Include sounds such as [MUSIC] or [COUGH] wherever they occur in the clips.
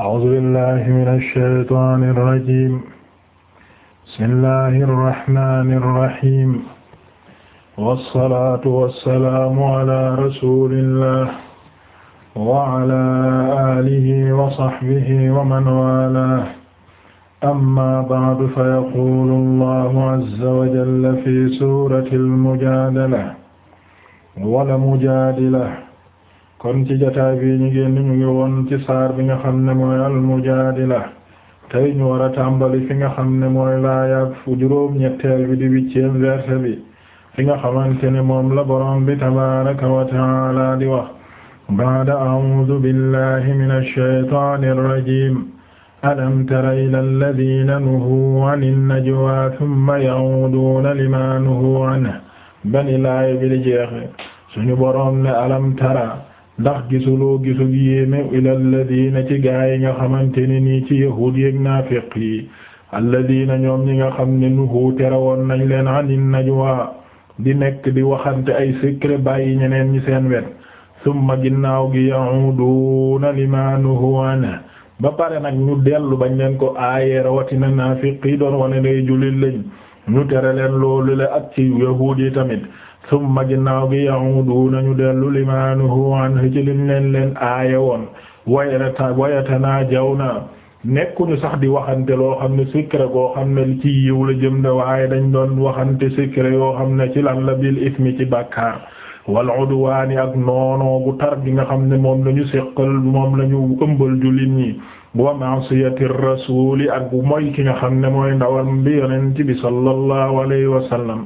أعوذ بالله من الشيطان الرجيم بسم الله الرحمن الرحيم والصلاة والسلام على رسول الله وعلى آله وصحبه ومن والاه أما بعد فيقول الله عز وجل في سورة المجادلة ولا مجادلة kon ci jotaay bi ñu génn ñu ngi woon ci saar bi nga xam ne mooy al-mujaadila tey ñu war a tàmbali fi nga xam ne mooy laaya fu juróom ñetteel bi di huitième verset bi fi nga xamante ne moom la borom bi tabaaraka wa taala di wax ba'da a'uudu billahi minash shaytaanir rajiim alam tara ilal ladiina nuhuu anin najwaa thumma ya'uuduuna limaa nuhuu anhu bani laaya bi di jeexe suñu borom ne alam tara ndax gisuloo gisul yéeme ila alladina ci gaa yi nga xamante ne nii ci yahuud yeeg naafiq yi alladina ñoom ñi nga xam ne nuhu tere woon nañu leen anin najwa di nekk di waxante ay secret bàyyi ñeneen ñi seen wet summa ginnaaw gi ya'uduna lima nuhu anhu ba pare nag ñu dellu bañ leen ko aaye rawatina naafiq yi doon wane day jullit lañ ñu tere leen loolu la ak ci yahuud yi tamit summa ginnaaw gi yahuudu nañu dellu limaanuhu anhu ci lim leen leen aaya woon ta naa wayata wayatanajawna nekkuñu sax di waxante loo xam ne secret goo xam ne ci yiw la jëm ne waaye dañ doon waxante secret yoo xam ne ci lan la bil mi ci bàkkaar wal udwaani ak noonoo gu tar gi nga xam ne moom lañu seqal moom lañu ëmbal jullit ñi wa ma'siyati rasuli ak bu mooy ki nga xam ne mooy ndawam bi yonent bi sallallahu alayhi wa sallam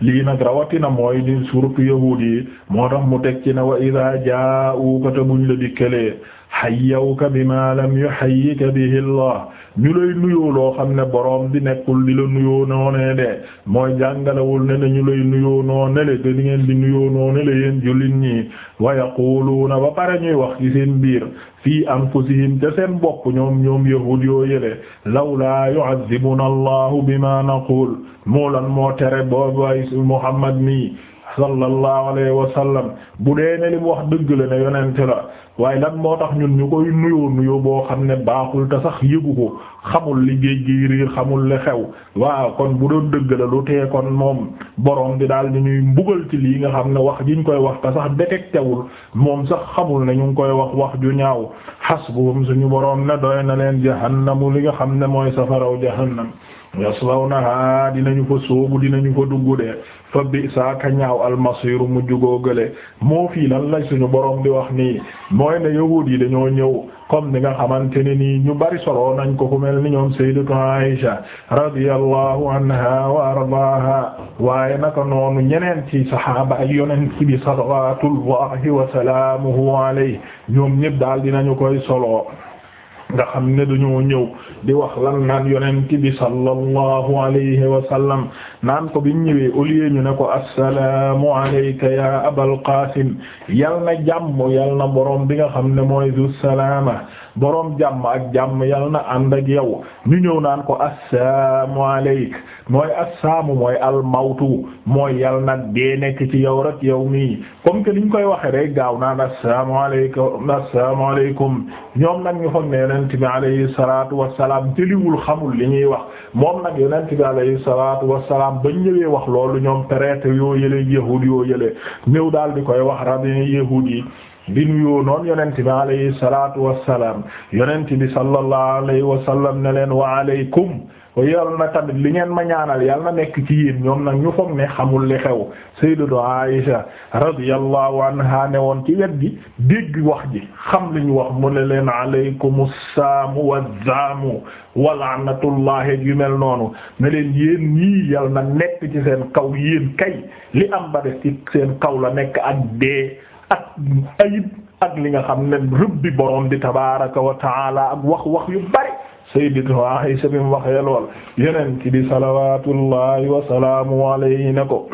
lii nag rawatina mooy di surtout yahuud yi moo tax mu teg ci ne wa idaa jaa'uuka te buñ la dikkalee hayyawka bimaa lam yuhayyika bihi Allah ñu lay nuyoo loo xam ne boroom di nekkul di la nuyoo noonee de mooy jàngalewul ne ne ñu lay nuyoo noonele te di ngeen di nuyoo noonele yéen jullit ñi wa yaquluuna ba pare ñuy wax ci seen biir fii anfusihim te seen bopp ñoom ñoom yahud yoo yële lawlaa yu'azzibuna allahu bima naqul moo lan moo tere boobaay muhammad mi sallallahu alayhi wa sallam bu dee ne li mu wax dëgg la ne yonent la waaye lan moo tax ñun ñu koy nuyoo nuyoo boo xam ne baaxul te sax yëgu ko xamul liggéey géej gi riir xamul li xew waa kon bu doon dëgg la lu tee kon moom borom di daal di ñuy mbugal ci lii nga xam ne wax ji ñu koy wax te sax détecté wul moom sax xamul ne ñu ngi koy wax wax ju ñaaw xasbuhum ñu borom ne doy na leen jahannamu li nga xam ne mooy safaraw jahannam yaslawnaha dinañu ko sóobu dinañu ko dugg de fa bi saa ka ñaaw almasiru mujj googale moo fii lan lay suñu borom di wax nii mooy ne yahuud yi dañoo ñëw comme ni nga xamante ne nii ñu bari solo nañ ko ku mel ni ñoom sayyidatu Aisha radiyallahu anha wa ardaaha waaye naka noonu ñeneen ci saxaaba ay yonent bi salawatullahi wa salaamuhu alayhi ñoom ñépp daal dinañu koy solo nga xam ne dañoo ñëw di wax lan naan yonent bi sallallahu alayhi wa sallam naan ko bi ñëwee au lieu ñu ne ko assalaamu alayka ya abal qaasim yal na jàmm yal na boroom bi nga xam ne mooy du salaama boroom jàmm ak jàmm yal na ànd ak yow ñu ñëw naan ko assalaamu aleyk mooy assaamu mooy almawtu mooy yal na dee nekk ci yow rek yow mii comme que liñ koy waxee rek gaaw naan assalaamu aleykum assalaamu aleykum ñoom nag ñu foog ne yonent bi alayhi salaatu wa salaam jëliwul xamul li ñuy wax moom nag yonent bi alayhi salaatu wassalaam ba ñëwee wax loolu ñoom prêtre yoo yële yahuud yoo yële ñëw daal di koy wax rabbin yahuud yi di nuyoo noon yonent bi alayhi salaatu wassalaam yonent bi sallallahu alayhi wasallam ne leen wa aleykum yal na tamit li ngeen ma ñaanal yal na nekk ci yéen ñoom nag ñu foog ne xamul li xew sayyidatu Aisha radiyallahu anha ne woon ci wet gi dégg wax ji xam li ñu wax mu ne leen alaykumus saamu wazzaamu wa la'natullahi yu mel noonu ne leen yéen ñii yal na nekk ci seen kaw yéen kay li am ba def seen kaw la nekk ak dee ak ayib ak li nga xam ne rëbbi borom di tabaaraka wa taala ak wax wax yu bari sayyidatu Aysa bi mu waxee lool yeneen ci di salawaatullahi wa salaamu alayhi ne ko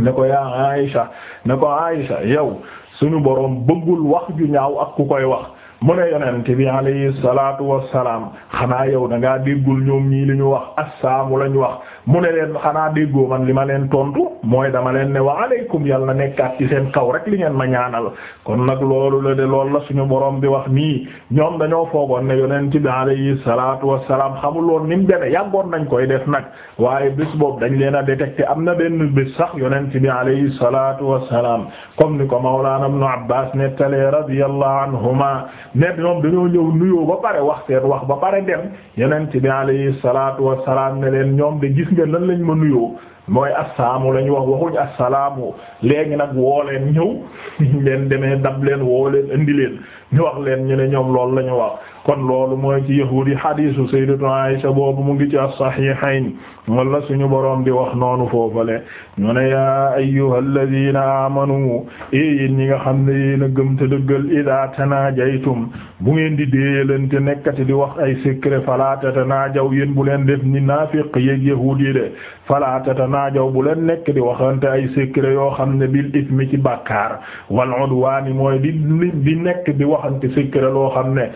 ne ko yaa Aysa ne ko Aysa yow suñu borom bëggul wax yu ñaaw ak ku koy wax. mu ne yonent bi alayhi salaatu wassalaam xanaa yow da ngaa déggul ñoom ñii li ñu wax assaamu la ñu wax mu ne leen xanaa déggoo man li ma leen tontu mooy dama leen ne wa yal yàlla na nekkaat ci seen kaw rek li ngeen ma ñaanal kon nag loolu la de lool la suñu boroom bi wax nii ñoom dañoo foogoon ne yonent bi alayhi salaatu wassalaam xamul woon ni mu deme yàggoon nañ koy def nag waaye bés boobu dañ leen a détecté am na benn bés sax yonent bi alayhi salaatu wassalaam comme ni ko Mawlaana Ibnu Abbaas nettalee radiyallahu anhuma ne ñoom dañoo ñëw nuyoo ba pare wax seen wax ba pare dem yeneen ci bi alayhi salaatu wassalaam ne leen ñoom de gis nga lan lañ ma nuyoo mooy assaamu lañ wax waxuñ assalaamu léegi nag woo leen ñëw [LAUGHS] leen demee dab leen woo leen indi leen ñu wax leen ñu ne ñoom loolu la ñu wax kon loolu mooy ci yahuudi hadiisu sayyidatu Aysa boobu mu ngi ci as-sahihayn wala suñu boroom di wax noonu foofale ñu ne yaa ayyuhalladhiina aamanu eh, yéen ñi nga xam ne yéen a gëm te dëggal idaa tanaajaytum bu ngeen di déeyalante nekkati di wax ay secret falaa tatanaajaw yéen bu leen def ni naafiq yéeg yahuud yi de falaa tatanaajaw bu leen nekk di waxante ay secret yoo xam ne bil ismi ci bàkkaar wal udwaani mooy di di nekk di waxante secret loo xam ne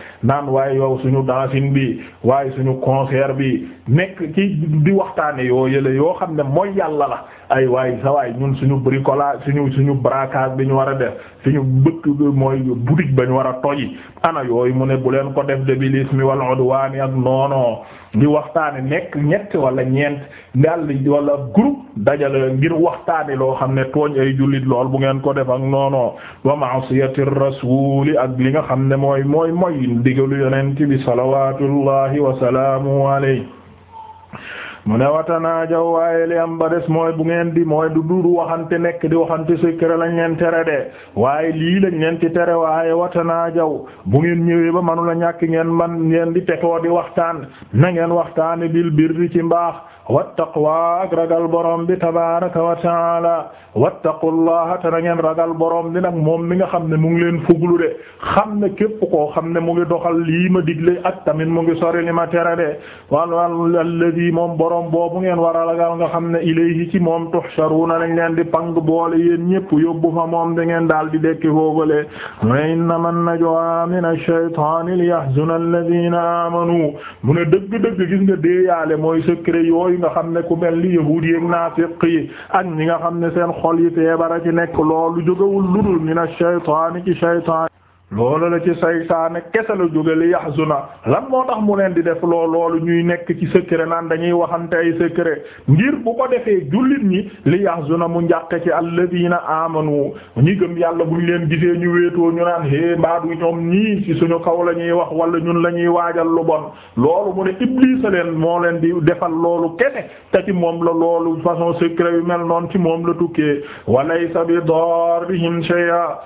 waaye yow suñu dancing bi waaye suñu concert bi nekk ci di waxtaane yoo yële yoo xam ne mooy yàlla la ay waay sa waay ñun suñu bricolage suñu suñu braquage bi ñu war a def suñu bëkk mooy boutique ba ñu war a toji ana yooyu mu ne bu leen ko def de bilis mi wal udwani ak noono di waxtaane nekk ñett wala ñeent daal wala groupe dajale ngir waxtaane loo xam ne tooñ ay jullit lool bu ngeen ko def ak noono wa ma'siyati rasuli ak li nga xam ne mooy mooy mooy yeneen yonent bi salawatullahi wa salaamu alayhi mu ne watanaajaw waaye li am ba des mooy bu ngeen di mooy du du waxante nekk di waxante secret lañ leen tere de waaye lii lañ leen ci tere waaye watanaajaw bu ngeen ñëwee ba manu la ñàkk ngeen man ngeen di tekoo di waxtaan na ngeen waxtaane bil birri ci mbaax wattaqwa ak ragal boroom bi tabaraka wa taala wattaqullaha te na ngeen ragal borom bi moom mi nga xam ne mu ngi leen fuglu de xam ne képp koo xam ne mu ngi doxal lii ma digle ak tamit mu ngi sori li ma tere boroom boobu ngeen war a ragal nga xam ne ilayhi ci moom tuhsharuna lañ leen di pang boole yéen ñépp yóbbu fa moom da ngeen daal di dekki foogale mu ne innama najwa min ash-shaytani liyahzuna alladhina amanu mu ne dëgg-dëgg gis nga déeyaale mooy secret yooyu nga xam ne ku mel ni yahuud yi ak naafiq yi ak ñi nga xam ne seen xol yi feebara ci nekk loolu jógawul ludul min ash-shaytani ci shaytan loolu la ci saytaane kese la jóge li yahzuna lan moo tax mu leen di def loo loolu ñuy nekk ci secret naan dañuy waxante ay secret ngir bu ko defee jullit ñi li yahzuna mu njàqe ci alladina amanu ñi gëm yàlla buñ leen gisee ñu wéetoo ñu naan hé mbaadu ñoom ñii ci suñu kaw la ñuy wax wala ñun la ñuy waajal lu bon loolu mu ne iblis leen moo leen di defal loolu kese te ci moom la loolu façon secret yu mel noonu ci moom la tukkee walaysa bi darrihim shay'a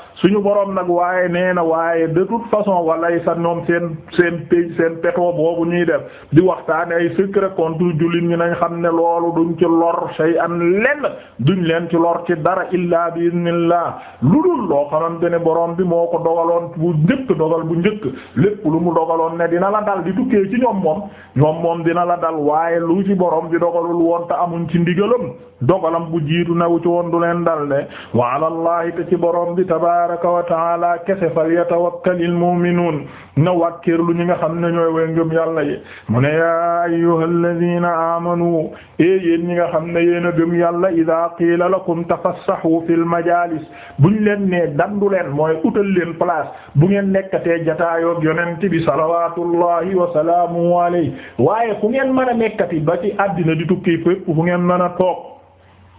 waaye de toute façon walay sa ñoom seen seen pej seen peto boobu ñuy def di waxtaane ay secret contre jullit ñi nañ xam ne loolu duñ ci lor shay an lenn duñ leen ci lor ci dara illa bi idnillah lu dul loo xamante ne borom bi moo ko dogaloon bu njëkk dogal bu njëkk lépp lu mu dogaloon ne dina la dal di tukkee ci ñoom moom ñoom moom dina la dal waaye lu ci borom bi dogalul woon te amuñ ci ndigalam dogalam bu jiitu nawu ci woon du leen dal de wa yatawakkalil mu'minuun na wàkkeer lu ñi nga xam ne ñooy way ngëm yàlla yi mu ne yaa ayyuhal ladina amanu e eh, yéen ñi nga xam ne yéen a gëm yàlla ida qiila lakum tafassahu fil majalis bu leen nee dandu leen mooy utal leen place bu ngeen nekkatee jataayoog yonent bi salawatullahi wa salaamu alayhi waaye fu ngeen mën a nekkati ba ci àddina di tukki fépp fu ngeen mën a toog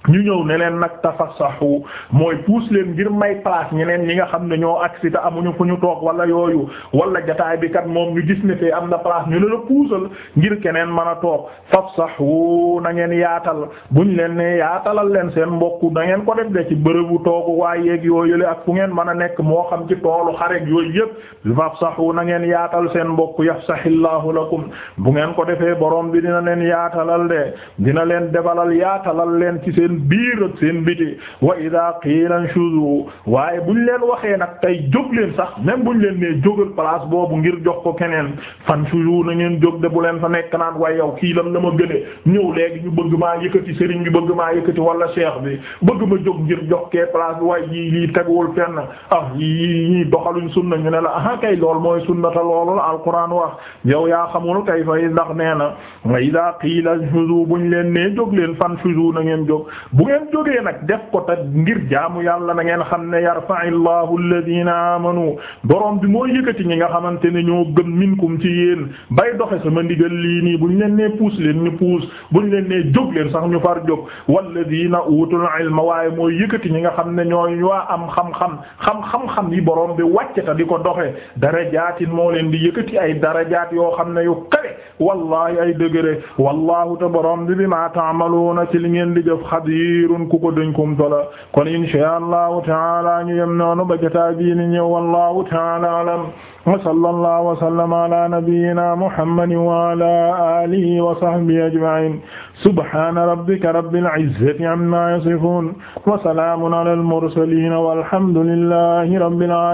ñu ñëw ne leen nag tafassahu mooy puus leen ngir may place ñeneen ñi nga xam ne ñoo agsi te amuñu fu ñu toog wala yooyu wala jataay bi kat moom ngi gis ne fee am na place ñu ne la puusal ngir keneen mën a toog fafsahu na ngeen yaatal buñ leen ne yaatalal leen seen mbokku na ngeen ko def de ci bërëbu toogu waaye yeeg yooyule ak fu ngeen mën a nekk moo xam ci toolu xareeg yooyu yëpp fafsahu na ngeen yaatal seen mbokk yafsahillahu lakum bu ngeen ko defee borom bi dina leen yaatalal de dina leen debalal yaatalal leen ci seen biir ak seen biti wa ida qiilan shuzu waaye buñ leen waxee nag tey jóg leen sax même buñ leen nee jógal place boobu ngir jox ko keneen fan shuzu na ngeen jóg de bu leen fa nekk naan waaye yow kii lam la ma gëne ñëw léegi ñu bëgg maa yëkkati sëriñ bi bëgg maa yëkkati wala cheikh bi bëgg ma jóg ngir jox kee place bi waaye yii lii teguwul fenn ah yii ñii doxaluñ sunna ñu ne la ah kay lool mooy sunna ta loolu la alquran wax yow yaa xamul kay fay ndax nee na wa ida qiilan shuzu buñ leen nee jóg leen fan shuzu na ngeen jóg bu ngeen jógee nag def ko ta ngir jaamu yàlla na ngeen xam ne yarfa'illahu alladhina amanu borom bi moo yëkkati ñi nga xamante ne ñoo gëm minkum ci yéen bay doxe sama ndigal lii nii bu ñu leen nee puus leen ñu puus bu ñu leen nee jóg leen sax ñu far jóg walladhina utul ilma waaye moo yëkkati ñi nga xam ne ñooy waa am xam-xam xam-xam-xam yi borom bi wàcce di ko doxe darajaatin moo leen di yëkkati ay darajaat yoo xam ne yu kawe wallahi ay dëgëre wallahu te borom bi bima ta'maluna ci li ngeen di jëf asirun ku ko dénkum tola kon insha allahu taala ñu yem noonu ba jotaa bii ni ñëw wallahu taala alam wa sallallahu wa sallama ala nabiyyina muhammadin wa ala alihi wa sahbihi ajma'in subhana rabbika rabbil izzati amma yasifun wa salamun ala al mursalin walhamdulillahi rabbil alamin